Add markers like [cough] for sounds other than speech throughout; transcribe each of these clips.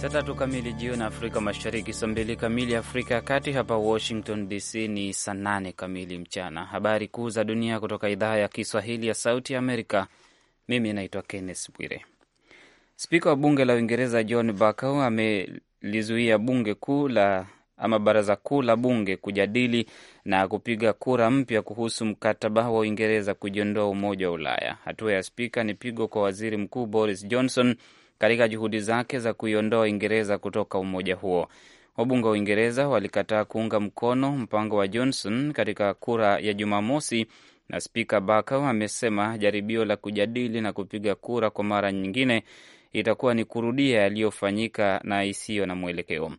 Saa tatu kamili jioni Afrika Mashariki, saa mbili kamili Afrika ya Kati. Hapa Washington DC ni saa nane kamili mchana. Habari kuu za dunia kutoka idhaa ya Kiswahili ya Sauti Amerika. Mimi naitwa Kenneth Bwire. Spika wa bunge la Uingereza John Bercow amelizuia bunge kuu la ama baraza kuu la bunge kujadili na kupiga kura mpya kuhusu mkataba wa Uingereza kujiondoa Umoja wa Ulaya. Hatua ya spika ni pigo kwa waziri mkuu Boris Johnson katika juhudi zake za kuiondoa Uingereza kutoka umoja huo. Wabunge wa Uingereza walikataa kuunga mkono mpango wa Johnson katika kura ya Jumamosi, na spika Barker amesema jaribio la kujadili na kupiga kura kwa mara nyingine itakuwa ni kurudia yaliyofanyika na isiyo na mwelekeo.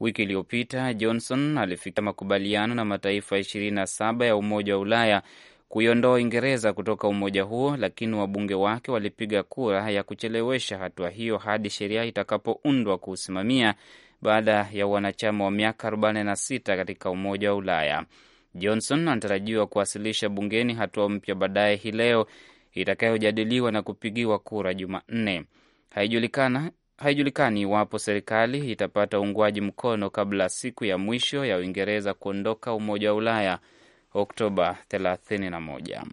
Wiki iliyopita Johnson alifikia makubaliano na mataifa 27 ya Umoja wa Ulaya kuiondoa Uingereza kutoka umoja huo, lakini wabunge wake walipiga kura ya kuchelewesha hatua hiyo hadi sheria itakapoundwa kuusimamia baada ya wanachama wa miaka 46 katika umoja wa Ulaya. Johnson anatarajiwa kuwasilisha bungeni hatua mpya baadaye hii leo itakayojadiliwa na kupigiwa kura Jumanne. Haijulikana haijulikani iwapo serikali itapata uungwaji mkono kabla siku ya mwisho ya Uingereza kuondoka umoja wa Ulaya Oktoba 31.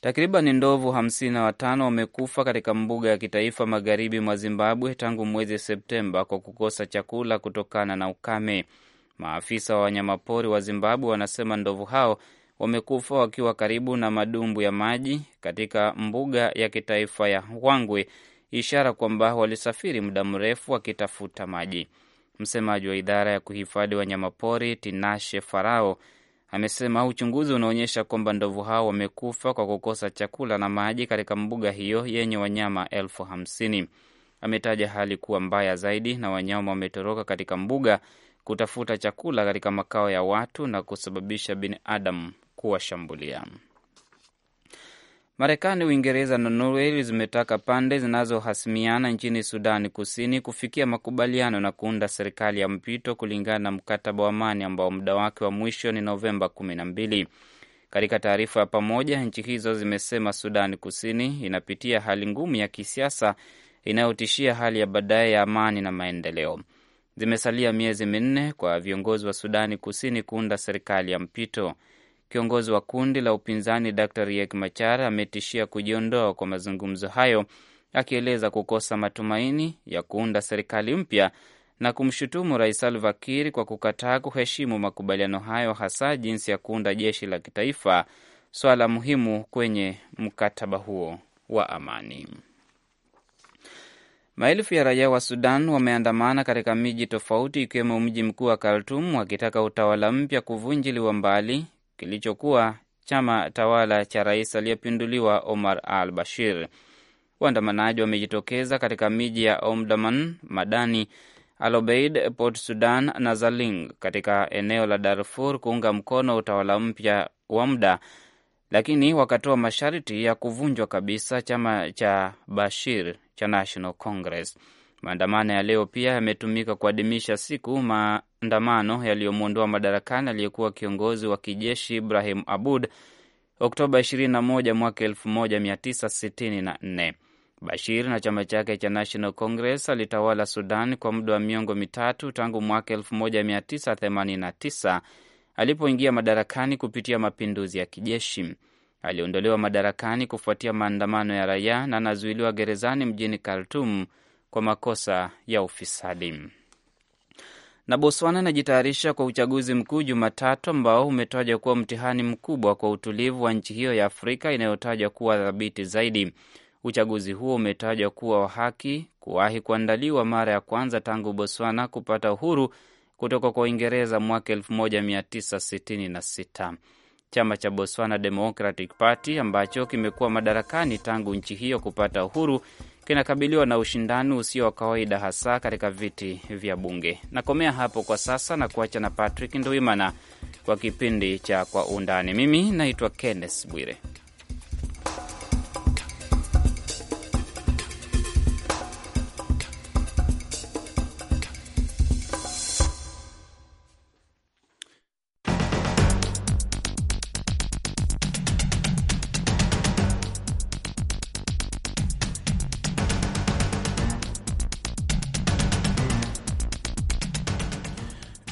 Takriban ndovu 55 wamekufa katika mbuga ya kitaifa magharibi mwa Zimbabwe tangu mwezi Septemba kwa kukosa chakula kutokana na ukame. Maafisa wa wanyamapori wa Zimbabwe wanasema ndovu hao wamekufa wakiwa karibu na madumbu ya maji katika mbuga ya kitaifa ya Hwangwe, ishara kwamba walisafiri muda mrefu wakitafuta maji. Msemaji wa idara ya kuhifadhi wanyamapori Tinashe Farao amesema uchunguzi unaonyesha kwamba ndovu hao wamekufa kwa kukosa chakula na maji katika mbuga hiyo yenye wanyama elfu hamsini. Ametaja hali kuwa mbaya zaidi na wanyama wametoroka katika mbuga kutafuta chakula katika makao ya watu na kusababisha binadamu kuwashambulia. Marekani, Uingereza na Norway zimetaka pande zinazohasimiana nchini Sudani Kusini kufikia makubaliano na kuunda serikali ya mpito kulingana na mkataba wa amani ambao muda wake wa mwisho ni Novemba kumi na mbili. Katika taarifa ya pamoja, nchi hizo zimesema Sudani Kusini inapitia hali ngumu ya kisiasa inayotishia hali ya baadaye ya amani na maendeleo. Zimesalia miezi minne kwa viongozi wa Sudani Kusini kuunda serikali ya mpito. Kiongozi wa kundi la upinzani Dr Riek Machar ametishia kujiondoa kwa mazungumzo hayo, akieleza kukosa matumaini ya kuunda serikali mpya na kumshutumu Rais Salva Kiir kwa kukataa kuheshimu makubaliano hayo, hasa jinsi ya kuunda jeshi la kitaifa, swala muhimu kwenye mkataba huo wa amani. Maelfu ya raia wa Sudan wameandamana katika miji tofauti ikiwemo mji mkuu wa Khartum wakitaka utawala mpya kuvunjiliwa mbali kilichokuwa chama tawala cha rais aliyepinduliwa Omar al Bashir. Waandamanaji wamejitokeza katika miji ya Omdurman, Madani, alobeid Port Sudan na Zaling katika eneo la Darfur kuunga mkono utawala mpya wa muda, lakini wakatoa masharti ya kuvunjwa kabisa chama cha Bashir cha National Congress. Maandamano ya leo pia yametumika kuadhimisha siku maandamano yaliyomwondoa madarakani aliyekuwa kiongozi wa kijeshi Ibrahim Abud Oktoba 21 mwaka 1964. Bashir na chama chake cha National Congress alitawala Sudan kwa muda wa miongo mitatu tangu mwaka 1989 alipoingia madarakani kupitia mapinduzi ya kijeshi. Aliondolewa madarakani kufuatia maandamano ya raia na anazuiliwa gerezani mjini Khartum kwa makosa ya ufisadi. Na Botswana inajitayarisha kwa uchaguzi mkuu Jumatatu ambao umetajwa kuwa mtihani mkubwa kwa utulivu wa nchi hiyo ya Afrika inayotajwa kuwa thabiti zaidi. Uchaguzi huo umetajwa kuwa wa haki kuwahi kuandaliwa mara ya kwanza tangu Botswana kupata uhuru kutoka kwa Uingereza mwaka 1966. Chama cha Botswana Democratic Party ambacho kimekuwa madarakani tangu nchi hiyo kupata uhuru kinakabiliwa na ushindani usio wa kawaida, hasa katika viti vya Bunge. Nakomea hapo kwa sasa na kuacha na Patrick Ndwimana kwa kipindi cha Kwa Undani. Mimi naitwa Kenneth Bwire.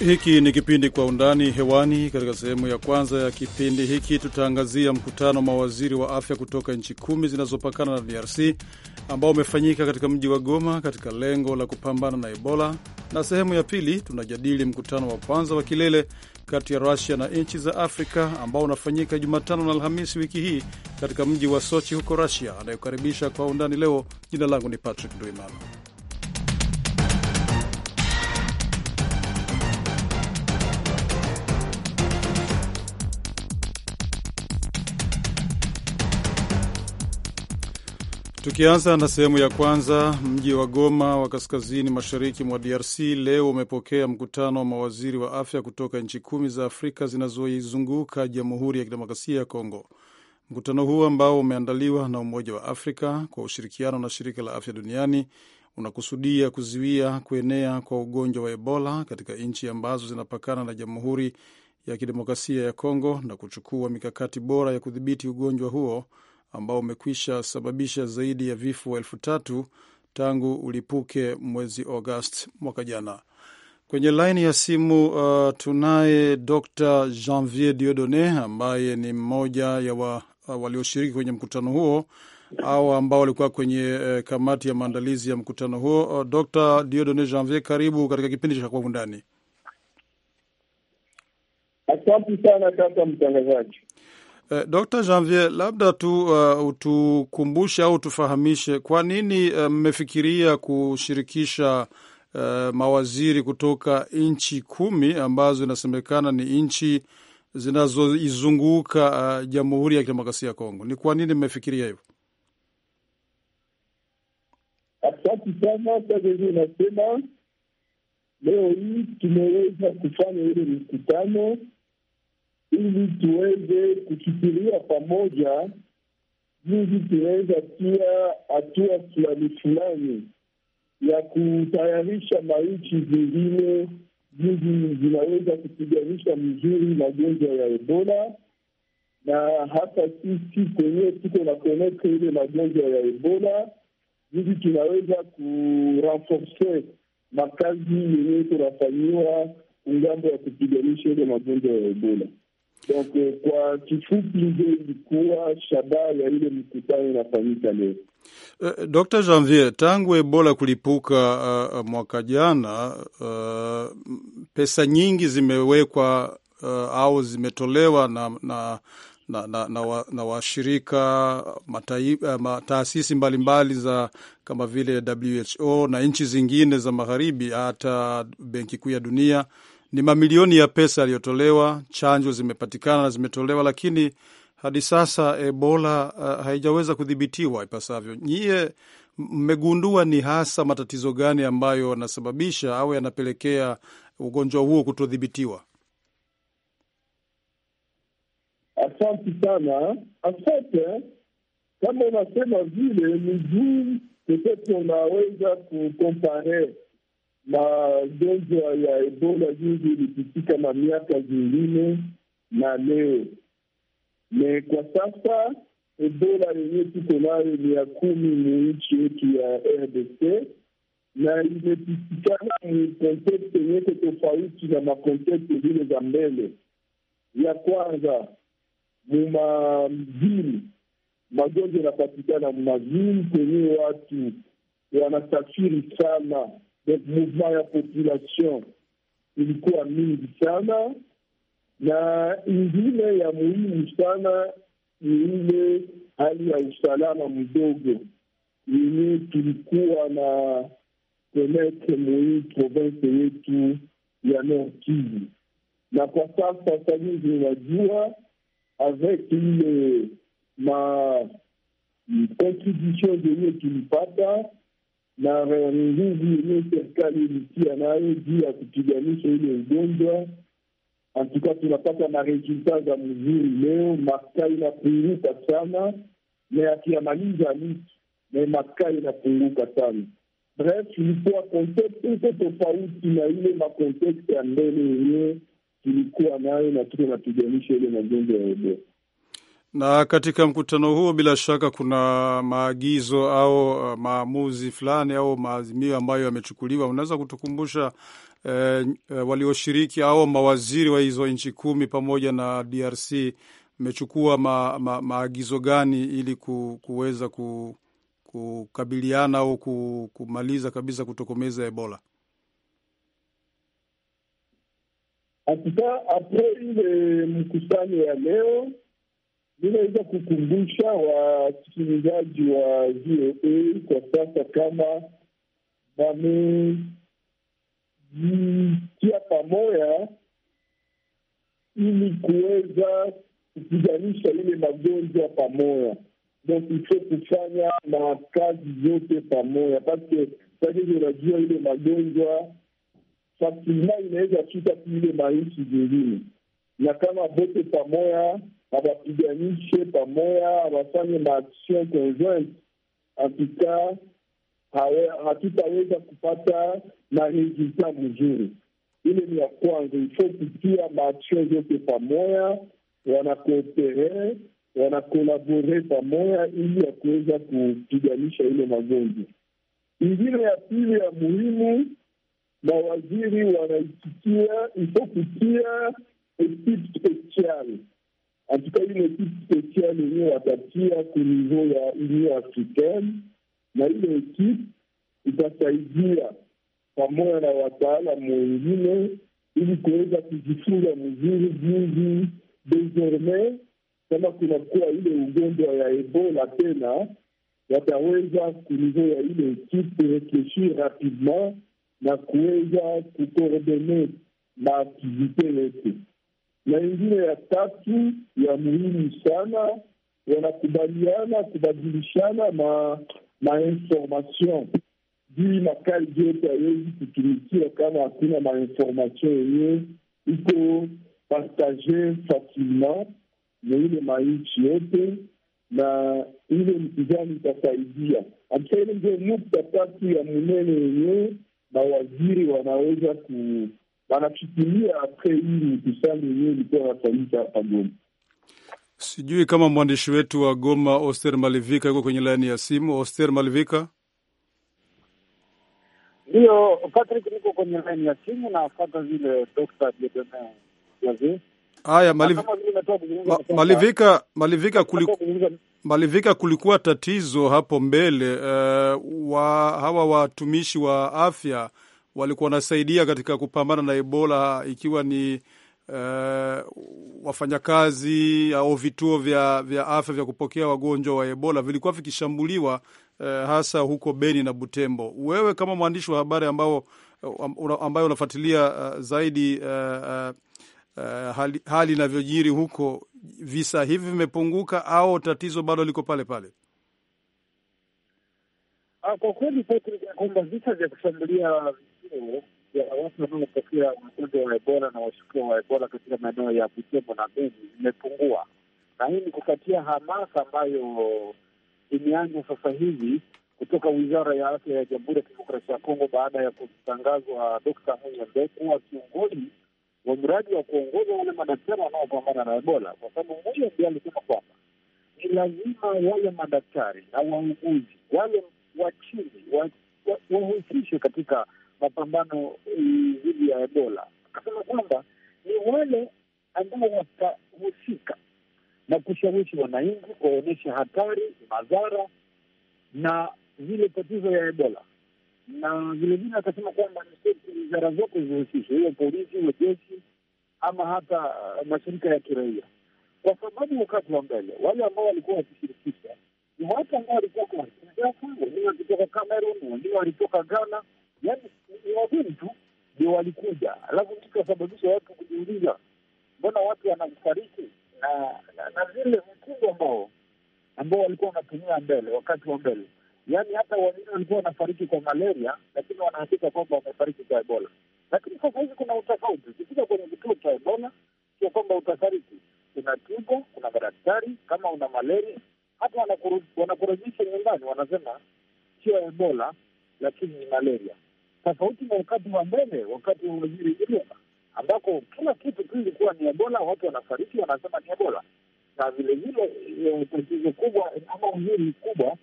Hiki ni kipindi Kwa Undani hewani. Katika sehemu ya kwanza ya kipindi hiki, tutaangazia mkutano mawaziri wa afya kutoka nchi kumi zinazopakana na DRC ambao umefanyika katika mji wa Goma katika lengo la kupambana na Ebola, na sehemu ya pili tunajadili mkutano wa kwanza wa kilele kati ya Rusia na nchi za Afrika ambao unafanyika Jumatano na Alhamisi wiki hii katika mji wa Sochi huko Rusia. Anayokaribisha Kwa Undani leo, jina langu ni Patrick Duimana. Tukianza na sehemu ya kwanza, mji wa Goma wa kaskazini mashariki mwa DRC leo umepokea mkutano wa mawaziri wa afya kutoka nchi kumi za Afrika zinazoizunguka Jamhuri ya Kidemokrasia ya Kongo. Mkutano huu ambao umeandaliwa na Umoja wa Afrika kwa ushirikiano na Shirika la Afya Duniani unakusudia kuzuia kuenea kwa ugonjwa wa Ebola katika nchi ambazo zinapakana na Jamhuri ya Kidemokrasia ya Kongo na kuchukua mikakati bora ya kudhibiti ugonjwa huo ambao umekwisha sababisha zaidi ya vifo elfu tatu tangu ulipuke mwezi Agosti mwaka jana. Kwenye laini ya simu uh, tunaye Dr Janvier Diodone ambaye ni mmoja ya wa, uh, walioshiriki kwenye mkutano huo au ambao walikuwa kwenye uh, kamati ya maandalizi ya mkutano huo. Uh, Dr Diodone Janvier, karibu katika kipindi cha Kwa Undani. Asante sana kaka mtangazaji. Eh, Dr. Janvier, labda tu uh, utukumbushe au tufahamishe kwa nini eh, mmefikiria um, kushirikisha uh, mawaziri kutoka nchi kumi ambazo inasemekana ni nchi zinazoizunguka uh, Jamhuri ya Kidemokrasia ya Kongo. Ni kwa nini mmefikiria hivyo? Asante sana kazi unasema leo hii tumeweza kufanya ile mikutano ili tuweze kufikiria pamoja jinsi tunaweza pia hatua fulani fulani ya kutayarisha maichi zingine jinsi zinaweza kupiganisha mzuri magonjwa ya Ebola na hata sisi kwenyewe tuko na koneka ile magonjwa ya Ebola, jinsi tunaweza kurenforce makazi yenyewe tunafanyiwa kungambo ya kupiganisha ile magonjwa ya Ebola. Donc euh, kwa kifupi, ndio ilikuwa shabaha ya ile mkutano inafanyika leo. Eh, Dr. Janvier, tangu Ebola kulipuka uh, mwaka jana uh, pesa nyingi zimewekwa uh, au zimetolewa na na na, na, na, wa, na washirika taasisi mbalimbali za kama vile WHO na nchi zingine za magharibi hata Benki Kuu ya Dunia ni mamilioni ya pesa yaliyotolewa, chanjo zimepatikana na zimetolewa, lakini hadi sasa Ebola uh, haijaweza kudhibitiwa ipasavyo. Nyie mmegundua ni hasa matatizo gani ambayo yanasababisha au yanapelekea ugonjwa huo kutodhibitiwa? Asante sana. Asante, kama unasema vile ni juu, unaweza kukompare Magonjwa ya Ebola nyingi ilipitika na miaka zingine na leo me, kwa sasa Ebola yenyewe tuko nayo ni ya kumi mu nchi yetu ya RDC na imepitikana mu kontekste nyete tofauti na makontekste zile za mbele. Ya kwanza mu magonjwa yanapatikana mu kwenyewe kwenye watu wanasafiri sana Donc mouvement ya population ilikuwa mingi sana, na ingine ya muhimu sana ni ile hali ya usalama mdogo yenye tulikuwa na konete muhii province yetu ya Nord Kivu, na kwa sasa sahizi unajua avec ile ma contribution zenye tulipata na eh, nguvu yenyewe serikali ilitia nayo juu ya kupiganisha ile ugonjwa. Antuka tunapata maresulta za mzuri leo, maska inapunguka sana na akiyamaliza mtu na maska inapunguka sana bref, ilikuwa kontekst iko tofauti na ile makontekst ya mbele yenyewe tulikuwa nayo, na tuko napiganisha ile magonjwa ya Ebola. Na katika mkutano huo bila shaka kuna maagizo au uh, maamuzi fulani au maazimio ambayo yamechukuliwa. Unaweza kutukumbusha eh, eh, walioshiriki au mawaziri wa hizo nchi kumi pamoja na DRC mmechukua ma, ma, maagizo gani ili ku, kuweza ku, kukabiliana au ku, kumaliza kabisa kutokomeza Ebola? Katika ile mkusanyo ya leo Ninaweza kukumbusha wasikilizaji wa VOA kwa sasa kama wamejitia pamoja ili kuweza kupiganisha ile magonjwa pamoja. Donc ifo kufanya na kazi yote pamoja, paske sahizi unajua ile magonjwa fasilma inaweza fika tu ile maishi zingine, na kama vote pamoja hawapiganishe pamoja, wafanye maaction conjointe. afika hatutaweza kupata maresultat mzuri. Ile ni ya kwanza, ifo kutia maaction zote pamoja, wanakoopere wanakolabore pamoja ili ya kuweza kupiganisha ile magonjwa. Ingine ya pili ya muhimu, mawaziri wanaitikia ifo kutia esprit katika ile ekipe spesiali yenyewe watatia kunivo ya Union Africaine, na ile ekipe itasaidia pamoja na wataalamu wengine ili kuweza kujifunza mzuri jinsi desormais kama kunakuwa ile ugonjwa ya Ebola tena, wataweza kunivo ya ile ekipe refleshir rapidement na kuweza kukoordone maaktivite yetu na ingine ya tatu ya muhimu sana, wanakubaliana kubadilishana ma mainformation juu makazi yote hawezi kutumikia kama hakuna mainformation yenyewe iko partage facilement na ile mainchi yote, na ile mtizani itasaidia aksa. Ile ndio nukta tatu ya munene yenyewe mawaziri wanaweza ku wanachukulia apre hii mkusani yenyewe ilikuwa nafanyika hapa Goma. Sijui kama mwandishi wetu wa Goma Oster Malivika yuko kwenye laini ya simu. Oster Malivika. Ndiyo Patrick, niko kwenye laini ya simu na fata vile Dr. Diedone haya Malivika, Malivika, Malivika, kulikuwa tatizo hapo mbele uh, wa hawa watumishi wa afya walikuwa wanasaidia katika kupambana na Ebola, ikiwa ni uh, wafanyakazi au vituo vya, vya afya vya kupokea wagonjwa wa Ebola vilikuwa vikishambuliwa uh, hasa huko Beni na Butembo. Wewe kama mwandishi wa habari ambao eh, ambayo unafuatilia uh, zaidi uh, uh, uh, hali, hali inavyojiri huko, visa hivi vimepunguka au tatizo bado liko pale pale? Ah, kwa kweli, kwamba visa vya kushambulia nguvu ya watu wanaopokea wagonjwa wa Ebola na washukiwa wa Ebola katika maeneo ya Butembo na Beni imepungua na hii ni kukatia hamasa ambayo imeanza sasa hivi kutoka Wizara ya Afya ya Jamhuri ya Kidemokrasia ya Kongo baada ya kutangazwa Dokta Muyembe kuwa kiongozi wa mradi wa kuongoza wale madaktari wanaopambana na Ebola, kwa sababu Muyembe alisema kwamba ni lazima wale madaktari na wauguzi wale wa chini wahusishwe wa katika mapambano eh, dhidi ya Ebola, akasema kwamba ni wale ambao watahusika na kushawishi wananchi kuwaonyesha hatari, madhara na vile tatizo ya Ebola na vilevile akasema kwamba niseti wizara zote zihusishwe, hiyo polisi, hiyo jeshi, ama hata uh, mashirika ya kiraia, kwa sababu wakati wa mbele wale ambao walikuwa wakishirikisha ni watu ambao walitoka Kinshasa, wengine walitoka Cameroon, wengine walitoka Ghana, yani ni tu ndio walikuja, alafu kasababisha watu kujiuliza mbona watu wanafariki na, na, na zile ambao ambao walikuwa wanatumia mbele, wakati wa mbele, yani hata wengine walikuwa wanafariki kwa malaria, lakini wanahakika kwamba wamefariki kwa Ebola. Lakini sasa hivi kuna utofauti, ukifika kwenye kituo cha Ebola sio kwamba utafariki, kuna tibo kuna madaktari. Kama una malaria, hata wanakurejesha nyumbani, wanasema sio Ebola, lakini ni malaria tofauti na wakati wa mbele, wakati wa waziri Iringa ambako kila kitu tu ilikuwa ni Ebola, watu wanafariki wanasema ni Ebola. Na vilevile eh, tatizo kubwa ama uzuri mkubwa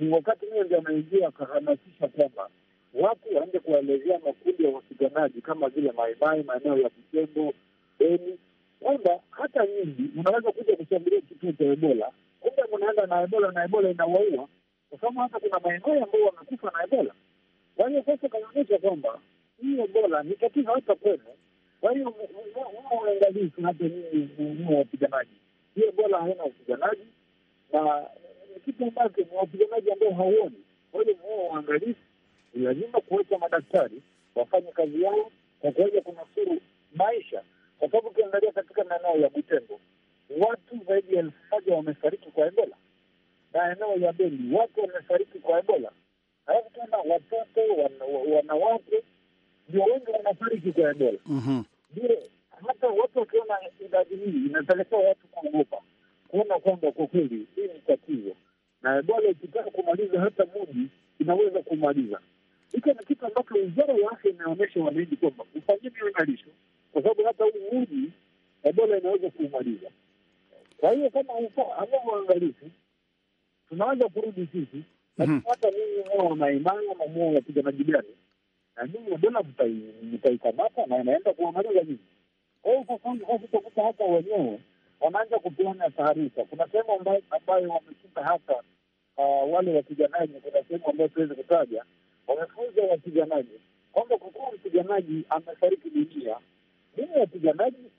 ni wakati mie ndio anaingia akahamasisha kwamba watu waende kuwaelezea makundi ya wapiganaji kama vile Maimai, maeneo ya Vitembo, Beni, kwamba hata nyingi unaweza kuja kushambulia kituo cha Ebola, kumbe mnaenda na Ebola na Ebola inawaua, kwa sababu hata kuna Maimai ambao wamekufa na Ebola. Kwa yaani hiyo sasa kanaonyesha kwamba hiyo ebola ni tatizo hata kwenu. Kwa hiyo huo uangalifu hata nyinyi wapiganaji, hiyo ebola haina wapiganaji na kitu ambacho ni wapiganaji ambao hauoni. Kwa hiyo huo ni lazima kuweka madaktari wafanye kazi yao kwa kuweza kunusuru maisha, kwa sababu ukiangalia katika maeneo ya Butembo watu zaidi ya elfu moja wamefariki kwa Ebola na eneo ya Beni watu wamefariki kwa Ebola halafu tena watoto wanawake ndio wengi wanafariki kwa Ebola. Mhm. Ndio hata watu wakiona idadi hii inapelekea watu kuogopa, kuona kwamba kwa kweli hii ni tatizo, na Ebola ikitaka kumaliza hata muji inaweza kumaliza. hiko ni kitu ambacho wizara ya afya inaonyesha wananchi kwamba mfanyeni angalisho, kwa sababu hata huu muji Ebola inaweza kuumaliza. Kwa hiyo kama amua uangalifu, tunaweza kurudi sisi Mhm. hata ninyi wao wa maimana na muo wapiganaji gani na mimi mbona mtaikamata na inaenda kuwamaliza nyinyi? Kwa hiyo utakuta hata wenyewe wanaanza kupeana taarifa. Kuna sehemu ambayo wameshinda hata uh, wale wapiganaji, kuna sehemu ambayo tuwezi kutaja, wamefunza wapiganaji kwamba kwa mpiganaji amefariki dunia, mimi wapiganaji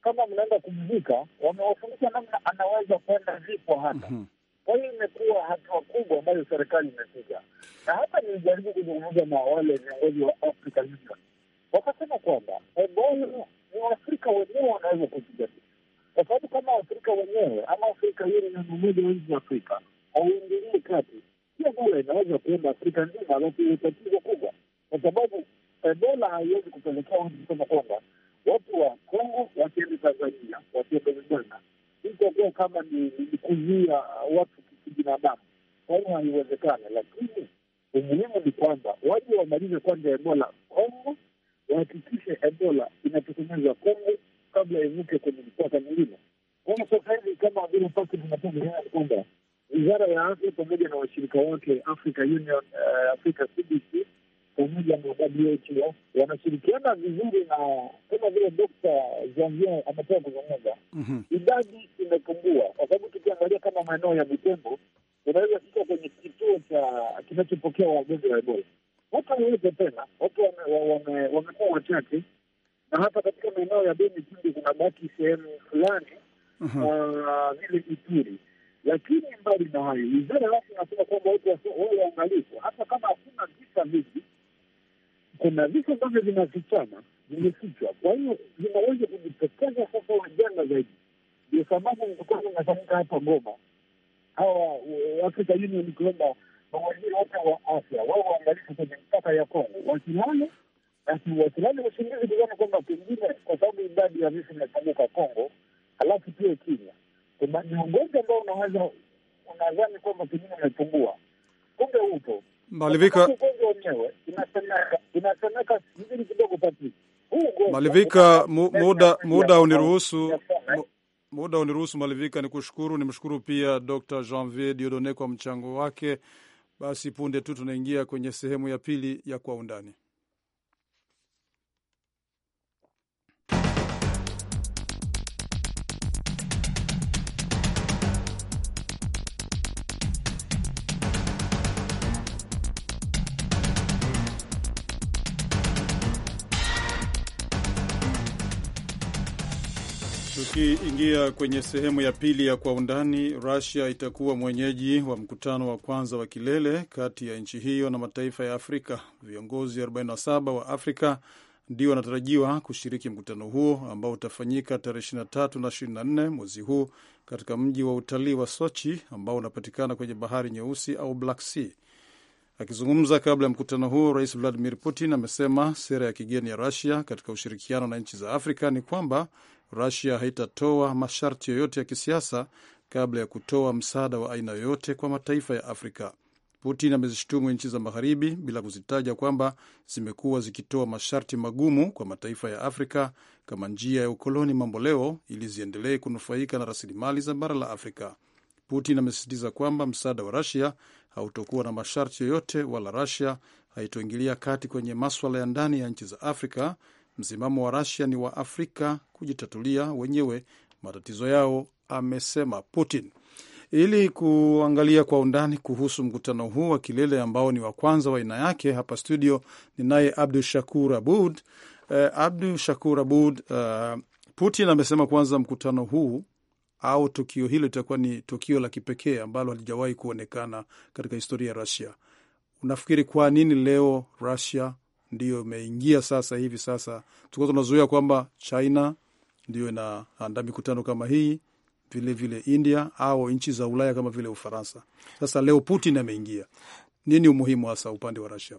kama mnaenda kumzika, wamewafundisha namna anaweza kwenda zipo hata mhm. Kwa hiyo imekuwa hatua kubwa ambayo serikali imepiga, na hapa nilijaribu kuzungumza na wale viongozi wa Africa Union, wakasema kwamba Ebola ni Waafrika wenyewe wanaweza vita, kwa sababu kama afrika wenyewe ama Afrika Union, Umoja wa Nchi za Afrika hauingilii kati, si Ebola inaweza kuenda Afrika nzima, alafu ni tatizo kubwa, kwa sababu Ebola haiwezi kupelekea watu kusema kwamba watu wa Kongo wakiendi Tanzania wakienda Uganda iko kuwa kama ni, ni kuzuia watu kibinadamu. Kwa hiyo haiwezekana, lakini umuhimu ni kwamba waje wamalize kwanza Ebola Kongo, wahakikishe Ebola inatokomezwa Kongo kabla ivuke kwenye mpaka mwingine. Kwa hiyo sasa hivi kama vile pasi tunapongea ni kwamba wizara ya afya pamoja na washirika wake Africa Union, uh, Africa CDC pamoja na WHO wanashirikiana vizuri, na kama vile Dokta Janvier ametoka kuzungumza, mhm. idadi imepungua, kwa sababu tukiangalia kama maeneo ya Butembo, unaweza fika kwenye kituo cha kinachopokea wagonjwa wa Ebola, watu waweze tena, watu wamekuwa wachache, na hata katika maeneo ya Beni kundi kuna baki sehemu fulani mhm. ah, vile Ituri lakini mbali na hayo, wizara yake inasema kwamba watu wawe waangalifu, hata kama hakuna visa vingi, kuna vifo ambavyo vinafichana, vimefichwa, kwa hiyo vinaweza kujitokeza sasa wajana zaidi. Ndio sababu mkutano unafanyika hapa Goma, hawa eh, afrika Union kwamba mawaziri wote wa afya wao waangalifu kwenye mpaka ya Kongo, wasilale basi, wasilale usingizi kuona kwamba pengine kwa sababu idadi ya vifo imepunguka Kongo, halafu pia Kenya kuna ni ugonjwa ambao unaweza unadhani kwamba pengine umepungua, kumbe upo Malivika Malivika, muda muda uniruhusu muda uniruhusu Malivika, nikushukuru nimshukuru pia Dr. Janvier Diodone kwa mchango wake. Basi punde tu tunaingia kwenye sehemu ya pili ya kwa undani. Tukiingia kwenye sehemu ya pili ya kwa undani, rusia itakuwa mwenyeji wa mkutano wa kwanza wa kilele kati ya nchi hiyo na mataifa ya Afrika. Viongozi 47 wa Afrika ndio wanatarajiwa kushiriki mkutano huo ambao utafanyika tarehe 23 na 24 mwezi huu katika mji wa utalii wa Sochi ambao unapatikana kwenye bahari nyeusi au Black Sea. Akizungumza kabla ya mkutano huo, Rais Vladimir Putin amesema sera ya kigeni ya rusia katika ushirikiano na nchi za Afrika ni kwamba Rusia haitatoa masharti yoyote ya kisiasa kabla ya kutoa msaada wa aina yoyote kwa mataifa ya Afrika. Putin amezishutumu nchi za Magharibi bila kuzitaja kwamba zimekuwa zikitoa masharti magumu kwa mataifa ya Afrika kama njia ya ukoloni mamboleo ili ziendelee kunufaika na rasilimali za bara la Afrika. Putin amesisitiza kwamba msaada wa Rusia hautokuwa na masharti yoyote, wala Rusia haitoingilia kati kwenye maswala ya ndani ya nchi za Afrika msimamo wa rasia ni wa Afrika kujitatulia wenyewe matatizo yao, amesema Putin. Ili kuangalia kwa undani kuhusu mkutano huu wa kilele ambao ni wa kwanza wa aina yake, hapa studio ninaye Abdu Shakur Abud. Eh, Abdu Shakur Abud, uh, Putin amesema kwanza mkutano huu au tukio hilo litakuwa ni tukio la kipekee ambalo halijawahi kuonekana katika historia ya rasia Unafikiri kwa nini leo rasia ndiyo imeingia sasa hivi. Sasa tulikuwa tunazoea kwamba China ndiyo inaandaa mikutano kama hii, vilevile vile India au nchi za Ulaya kama vile Ufaransa. Sasa leo Putin ameingia. Nini umuhimu hasa upande wa Russia?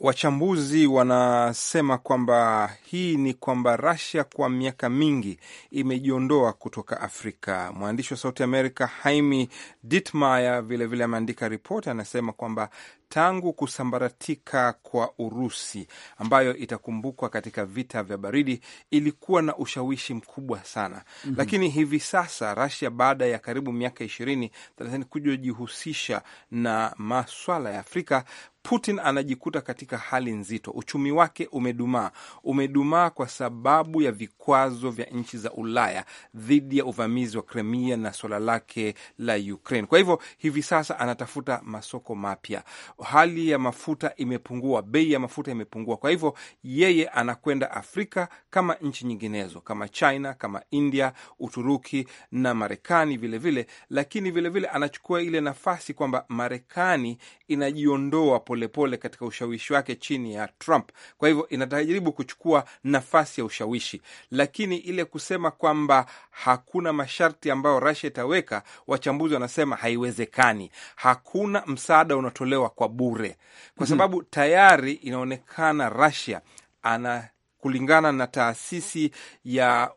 Wachambuzi wanasema kwamba hii ni kwamba rasia kwa miaka mingi imejiondoa kutoka Afrika. Mwandishi wa Sauti Amerika Haimi Ditmaya vilevile ameandika ripoti, anasema kwamba tangu kusambaratika kwa Urusi ambayo itakumbukwa katika vita vya baridi ilikuwa na ushawishi mkubwa sana. mm -hmm. Lakini hivi sasa Russia baada ya karibu miaka ishirini thelathini kujojihusisha na maswala ya Afrika Putin anajikuta katika hali nzito. Uchumi wake umedumaa, umedumaa kwa sababu ya vikwazo vya nchi za Ulaya dhidi ya uvamizi wa Crimea na suala lake la Ukraine. Kwa hivyo hivi sasa anatafuta masoko mapya hali ya mafuta imepungua, bei ya mafuta imepungua. Kwa hivyo yeye anakwenda Afrika kama nchi nyinginezo kama China, kama India, Uturuki na Marekani vilevile, lakini vilevile vile anachukua ile nafasi kwamba Marekani inajiondoa polepole katika ushawishi wake chini ya Trump. Kwa hivyo inajaribu kuchukua nafasi ya ushawishi, lakini ile kusema kwamba hakuna masharti ambayo Russia itaweka, wachambuzi wanasema haiwezekani. Hakuna msaada unatolewa kwa bure, kwa mhm. sababu tayari inaonekana Russia ana kulingana na taasisi ya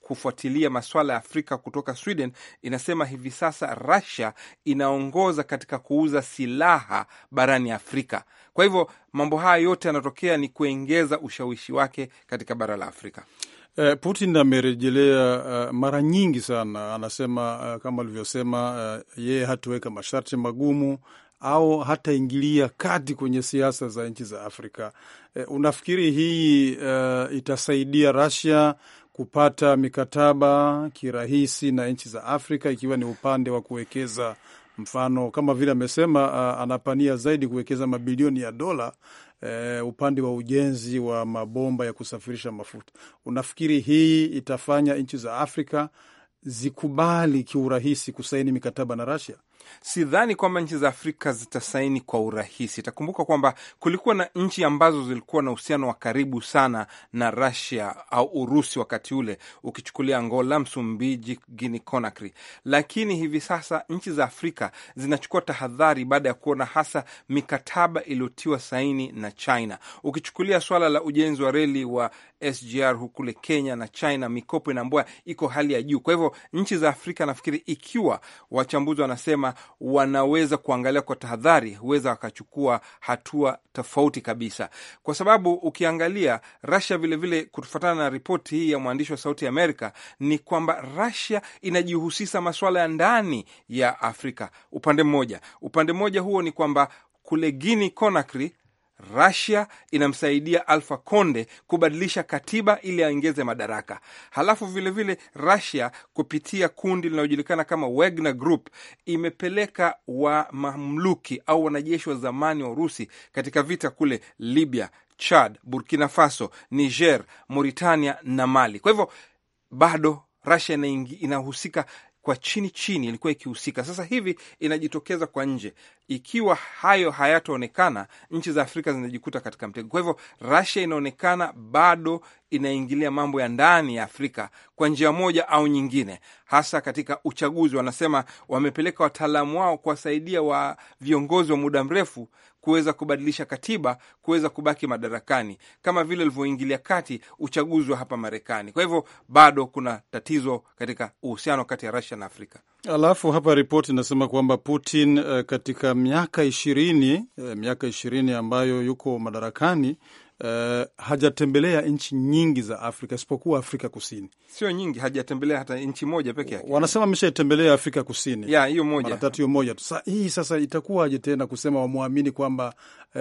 kufuatilia masuala ya Afrika kutoka Sweden inasema hivi sasa Russia inaongoza katika kuuza silaha barani Afrika. Kwa hivyo mambo haya yote yanatokea ni kuongeza ushawishi wake katika bara la Afrika. Eh, Putin amerejelea eh, mara nyingi sana, anasema eh, kama alivyosema yeye, hatuweka masharti magumu, au hata ingilia kati kwenye siasa za nchi za Afrika. E, unafikiri hii e, itasaidia Russia kupata mikataba kirahisi na nchi za Afrika ikiwa ni upande wa kuwekeza mfano kama vile amesema uh, anapania zaidi kuwekeza mabilioni ya dola uh, upande wa ujenzi wa mabomba ya kusafirisha mafuta. Unafikiri hii itafanya nchi za Afrika zikubali kiurahisi kusaini mikataba na Russia? Sidhani kwamba nchi za Afrika zitasaini kwa urahisi. Itakumbuka kwamba kulikuwa na nchi ambazo zilikuwa na uhusiano wa karibu sana na Russia au Urusi wakati ule, ukichukulia Angola, Msumbiji, Guinea Conakry. Lakini hivi sasa nchi za Afrika zinachukua tahadhari baada ya kuona hasa mikataba iliyotiwa saini na China, ukichukulia swala la ujenzi wa reli wa SGR hukule Kenya na China, mikopo inaambua iko hali ya juu. Kwa hivyo nchi za Afrika nafikiri, ikiwa wachambuzi wanasema wanaweza kuangalia kwa tahadhari, huweza wakachukua hatua tofauti kabisa, kwa sababu ukiangalia Russia vilevile, kufuatana na ripoti hii ya mwandishi wa Sauti ya Amerika, ni kwamba Russia inajihusisha masuala ya ndani ya Afrika upande mmoja. Upande mmoja huo ni kwamba kule Guinea Conakry Rasia inamsaidia Alfa Konde kubadilisha katiba ili aongeze madaraka. Halafu vilevile Rasia kupitia kundi linalojulikana kama Wagner Group imepeleka wa mamluki au wanajeshi wa zamani wa Urusi katika vita kule Libya, Chad, Burkina Faso, Niger, Mauritania na Mali. Kwa hivyo bado Rasia inahusika kwa chini chini, ilikuwa ikihusika, sasa hivi inajitokeza kwa nje. Ikiwa hayo hayataonekana, nchi za Afrika zinajikuta katika mtego. Kwa hivyo, Russia inaonekana bado inaingilia mambo ya ndani ya Afrika kwa njia moja au nyingine, hasa katika uchaguzi. Wanasema wamepeleka wataalamu wao kuwasaidia wa viongozi wa muda mrefu kuweza kubadilisha katiba, kuweza kubaki madarakani, kama vile alivyoingilia kati uchaguzi wa hapa Marekani. Kwa hivyo, bado kuna tatizo katika uhusiano kati ya Russia na Afrika. Alafu hapa ripoti inasema kwamba Putin uh, katika miaka ishirini uh, miaka ishirini ambayo yuko madarakani uh, hajatembelea nchi nyingi za Afrika isipokuwa Afrika Kusini. Sio nyingi, hajatembelea hata nchi moja peke yake. Wanasema ameshaitembelea Afrika Kusini ya hiyo moja, mara tatu hiyo moja tu. Sa, hii sasa itakuwaje tena kusema wamwamini kwamba uh,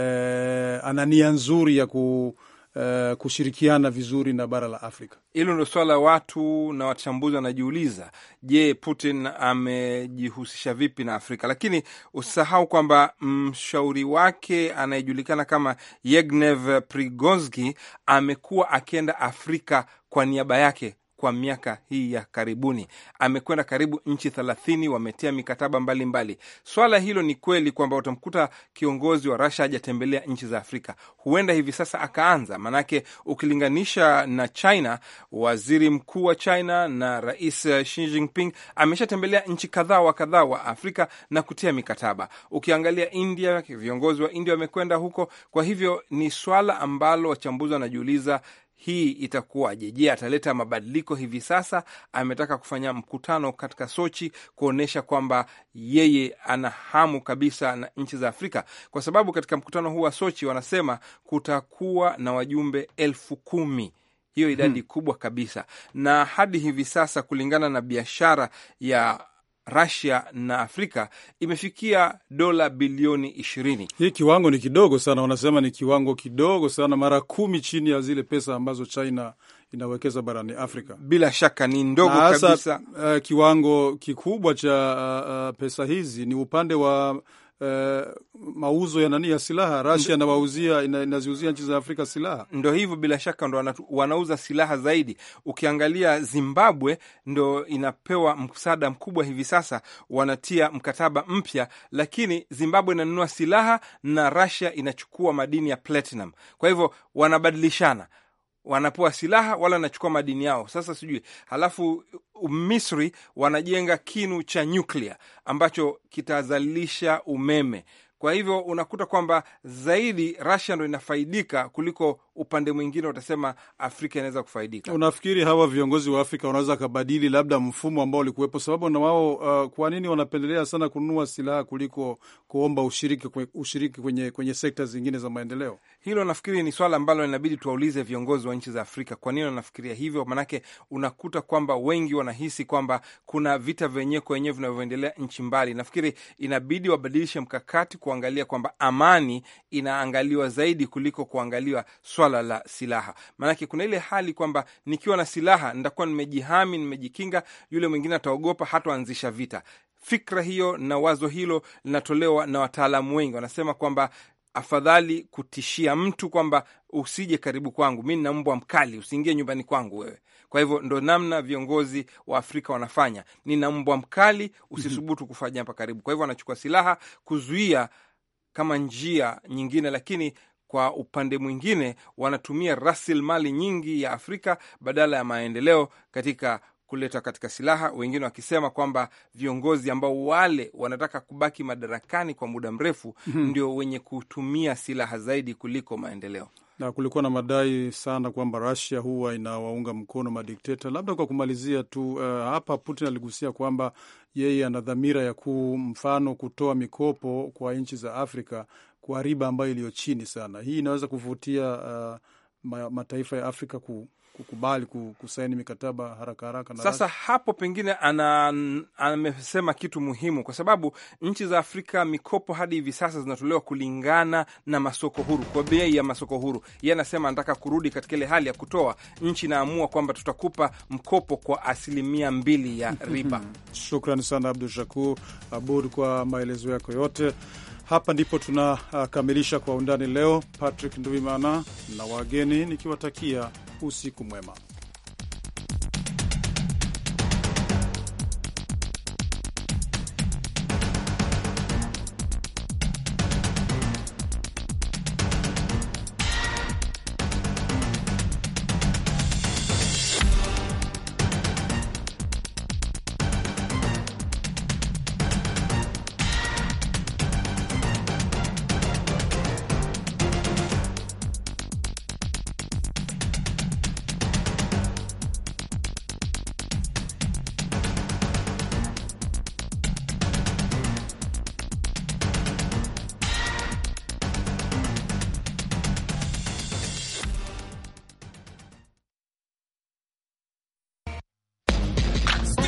ana nia nzuri ya ku uh, kushirikiana vizuri na bara la Afrika. Hilo ndio swala watu na wachambuzi wanajiuliza, je, Putin amejihusisha vipi na Afrika? Lakini usahau kwamba mshauri wake anayejulikana kama yegnev Prigozhin amekuwa akienda Afrika kwa niaba yake kwa miaka hii ya karibuni. Amekwenda karibu nchi thelathini, wametia mikataba mbalimbali mbali. Swala hilo ni kweli kwamba utamkuta kiongozi wa Rasha hajatembelea nchi za Afrika, huenda hivi sasa akaanza, maanake ukilinganisha na China, waziri mkuu wa China na rais Xi Jinping ameshatembelea nchi kadhaa wa kadhaa wa Afrika na kutia mikataba. Ukiangalia India, viongozi wa India wamekwenda huko. Kwa hivyo ni swala ambalo wachambuzi wanajiuliza hii itakuwaje? Je, ataleta mabadiliko hivi sasa? Ametaka kufanya mkutano katika Sochi kuonyesha kwamba yeye ana hamu kabisa na nchi za Afrika, kwa sababu katika mkutano huu wa Sochi wanasema kutakuwa na wajumbe elfu kumi hiyo idadi hmm, kubwa kabisa. Na hadi hivi sasa kulingana na biashara ya Rasia na Afrika imefikia dola bilioni ishirini. Hii kiwango ni kidogo sana, wanasema ni kiwango kidogo sana, mara kumi chini ya zile pesa ambazo China inawekeza barani Afrika. Bila shaka ni ndogo kabisa. Uh, kiwango kikubwa cha uh, uh, pesa hizi ni upande wa Eh, mauzo ya nani ya silaha rasia nawauzia inaziuzia nchi za Afrika silaha. Ndo hivyo bila shaka, ndo wanauza silaha zaidi. Ukiangalia Zimbabwe ndo inapewa msaada mkubwa hivi sasa, wanatia mkataba mpya, lakini Zimbabwe inanunua silaha na rasia inachukua madini ya platinum, kwa hivyo wanabadilishana wanapewa silaha wala wanachukua madini yao. Sasa sijui, halafu Misri wanajenga kinu cha nyuklia ambacho kitazalisha umeme kwa hivyo unakuta kwamba zaidi Russia ndo inafaidika kuliko upande mwingine, utasema Afrika inaweza kufaidika. Unafikiri hawa viongozi wa Afrika wanaweza wakabadili labda mfumo ambao ulikuwepo? Sababu na wao uh, kwa nini wanapendelea sana kununua silaha kuliko kuomba ushiriki, ushiriki kwenye, kwenye sekta zingine za maendeleo? Hilo nafikiri ni swala ambalo inabidi tuwaulize viongozi wa nchi za Afrika kwa nini wanafikiria hivyo. Maanake unakuta kwamba wengi wanahisi kwamba kuna vita vyenyewe kwa wenyewe vinavyoendelea nchi mbali. Nafikiri inabidi wabadilishe mkakati kwa kuangalia kwamba amani inaangaliwa zaidi kuliko kuangaliwa swala la silaha. Maanake kuna ile hali kwamba nikiwa na silaha nitakuwa nimejihami, nimejikinga, yule mwingine ataogopa, hata anzisha vita. Fikra hiyo na wazo hilo linatolewa na wataalamu wengi, wanasema kwamba afadhali kutishia mtu kwamba usije karibu kwangu, mi nina mbwa mkali, usiingie nyumbani kwangu wewe, kwa hivyo ndo namna viongozi wa Afrika wanafanya, nina mbwa mkali, usisubutu kufanya hapa karibu. Kwa hivyo wanachukua silaha kuzuia kama njia nyingine, lakini kwa upande mwingine wanatumia rasilimali nyingi ya Afrika badala ya maendeleo katika kuleta katika silaha, wengine wakisema kwamba viongozi ambao wale wanataka kubaki madarakani kwa muda mrefu mhm. ndio wenye kutumia silaha zaidi kuliko maendeleo na kulikuwa na madai sana kwamba Russia huwa inawaunga mkono madikteta. Labda kwa kumalizia tu uh, hapa Putin aligusia kwamba yeye ana dhamira ya ku mfano kutoa mikopo kwa nchi za Afrika kwa riba ambayo iliyo chini sana. Hii inaweza kuvutia uh, mataifa ya Afrika ku kukubali kusaini mikataba haraka haraka sasa Hapo pengine amesema kitu muhimu, kwa sababu nchi za Afrika mikopo hadi hivi sasa zinatolewa kulingana na masoko huru, kwa bei ya masoko huru. ye anasema anataka kurudi katika ile hali ya kutoa, nchi inaamua kwamba tutakupa mkopo kwa asilimia mbili ya [laughs] riba. Shukran sana Abdu Shakur Abud kwa maelezo yako yote. Hapa ndipo tunakamilisha Kwa Undani leo. Patrick Ndwimana na wageni nikiwatakia Usiku mwema.